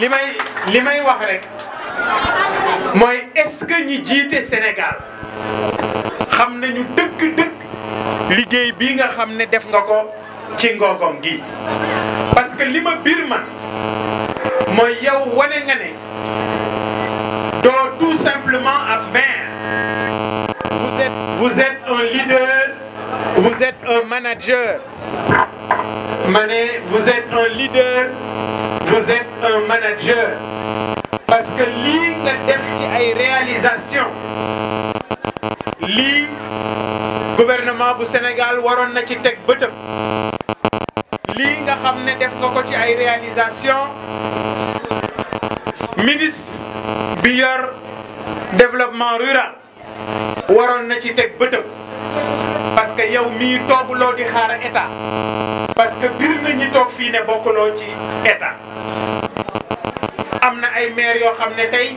li may li may wax rek mooy est que ñi jiite Sénégal xam nañu dëgg-dëgg liggéey bi nga xam ne def nga ko ci ngoogoom gi parce que li ma biir man mooy yow wane nga ne doo tout simplement ab maire vous êtes vous êtes un leader vous êtes un manager ma vous êtes un leader vous un manager parce que lii nga def ci ay réalisation lii gouvernement bu Sénégal waroon na ci teg bëtëm lii nga xam ne def nga ci ay réalisation ministre bi yor développement rural waroon na ci teg bëtëm parce que yow mii tooguloo di xaar état parce que bir na ñi toog fii ne bokkuloo ci état am na ay maire yoo xam ne tey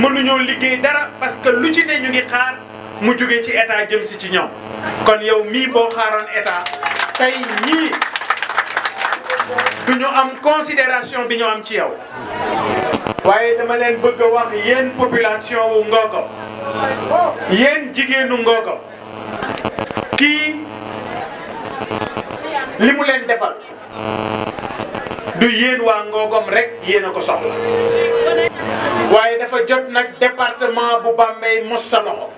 mënuñoo liggéey dara parce que lu ci ne ñu ngi xaar mu jóge ci état jëm si ci ñoom kon yow mii boo xaaroon état tey ñii du ñu am considération bi ñu am ci yow waaye dama leen bëgg a wax yéen population wu Ngoko yéen jigéenu ko kii li mu leen defal du yéen waa Ngogom rek yéen a ko soxla waaye dafa jot nag département bu Bambey mos sa loxo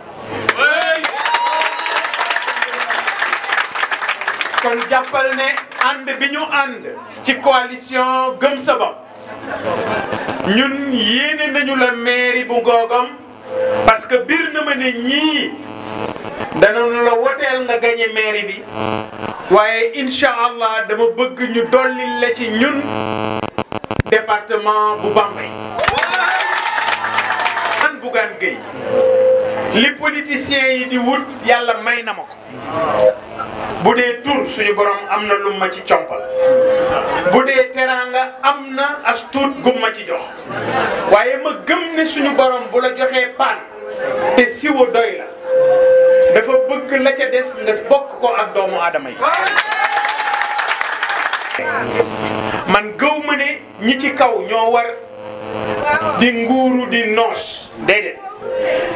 kon jàppal ne ànd bi ñu ànd ci coalition gëm sa ñun yéene nañu la mairie bu Ngogom parce que na ma ne ñii danañu la woteel nga gagné mairie bi waaye incha allah dama bëgg ñu dolli la ci ñun département bu Bambey man Bougane Gueye li politiciens yi di wut yàlla may na ma ko bu dee tur suñu borom am na lum ma ci compal bu dee teraanga am na as tuut ma ci jox waaye ma gëm ne suñu borom bu la joxee paan te siwo doy la dafa bëgg la ca des nga bokk ko ak doomu aadama yi. man gëw ma ne ñi ci kaw ñoo war di nguuru di noos déedéet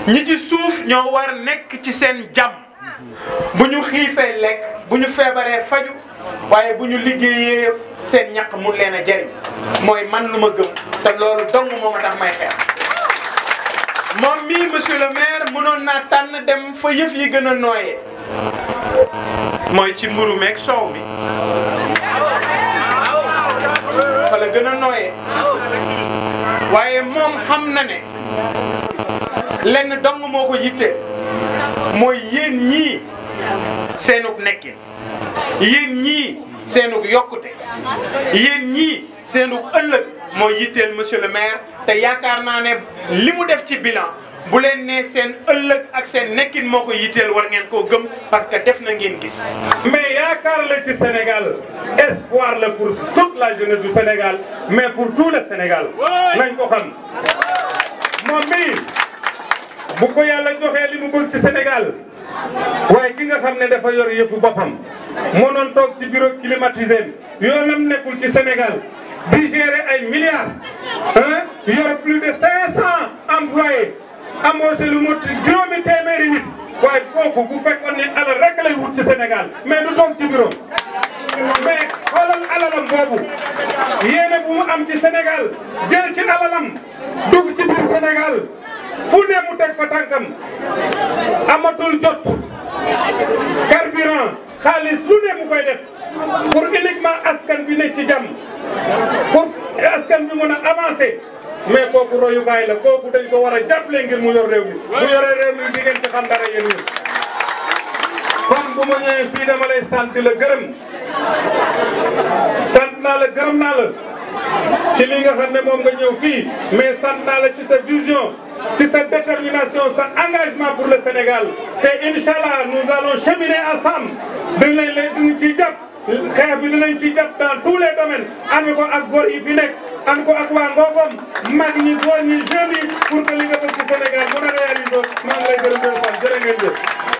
ñi ci suuf ñoo war nekk ci seen jàmm bu ñu xiifee lekk bu ñu feebaree faju waaye bu ñu liggéeyee seen ñaq mun leen a jëriñ mooy man lu ma gëm te loolu dong moo ma tax may xeex. moom mii monsieur le maire mënoon naa tànn dem fa yëf yi gën a nooyee mooy ci mburu meeg soow bi fa gën a nooyee waaye moom xam na ne lenn dong moo ko yitte mooy yéen ñii seenug nekkin yéen ñii seenug yokkute yéen ñii seenug ëllëg moo yitteel monsieur le maire te yaakaar naa ne li mu def ci bilan bu leen ne seen ëllëg ak seen nekkin moo ko yitteel war ngeen koo gëm parce que def na ngeen gis. mais yaakaar la ci Sénégal espoir la pour toute la jeunesse du Sénégal mais pour tout le Sénégal nañ ko xam moom mii bu ko yàlla joxee li mu bëgg ci Sénégal. waaye ki nga xam ne dafa yor yëfu boppam moo doon toog ci bureau climatisé bi yoonam nekkul ci Sénégal di gérer ay milliards ah yor plus de 500 employés embauché lu mot juróomi téeméeri nit waaye kooku bu fekkoon ne alal rek lay wut ci Sénégal mais du toog ci bureau. mais xoolal alalam boobu yéene bu mu am ci Sénégal jël ci alalam dugg ci biir Sénégal fu ne mu teg fa tànkam amatul jot. xaalis lu ne mu koy def pour uniquement askan bi ne ci jàmm pour askan bi mën a avancer mais kooku royukaay la kooku dañ ko war a jàppale ngir mu yor réew mi bu yoree réew mi ngeen ci xam dara yéen ñi kon bu fii dama lay sant la gërëm sant naa la gërëm naa la ci li nga xam ne moom nga ñëw fii mais sant naa la ci sa vision ci sa détermination sa engagement pour le Sénégal te incha allah nous allons cheminer ensemble dinañ leen dinañ ciy jàpp xeex bi dinañ ciy jàpp dans tous les domaines ànd ko ak góor yi fi nekk ànd ko ak waa Ngogom mag ñi góor ñi jeunes yi pour que li nga bëgg ci Sénégal mën a réaliser maa ngi lay gërëm jërë ngeen jëf.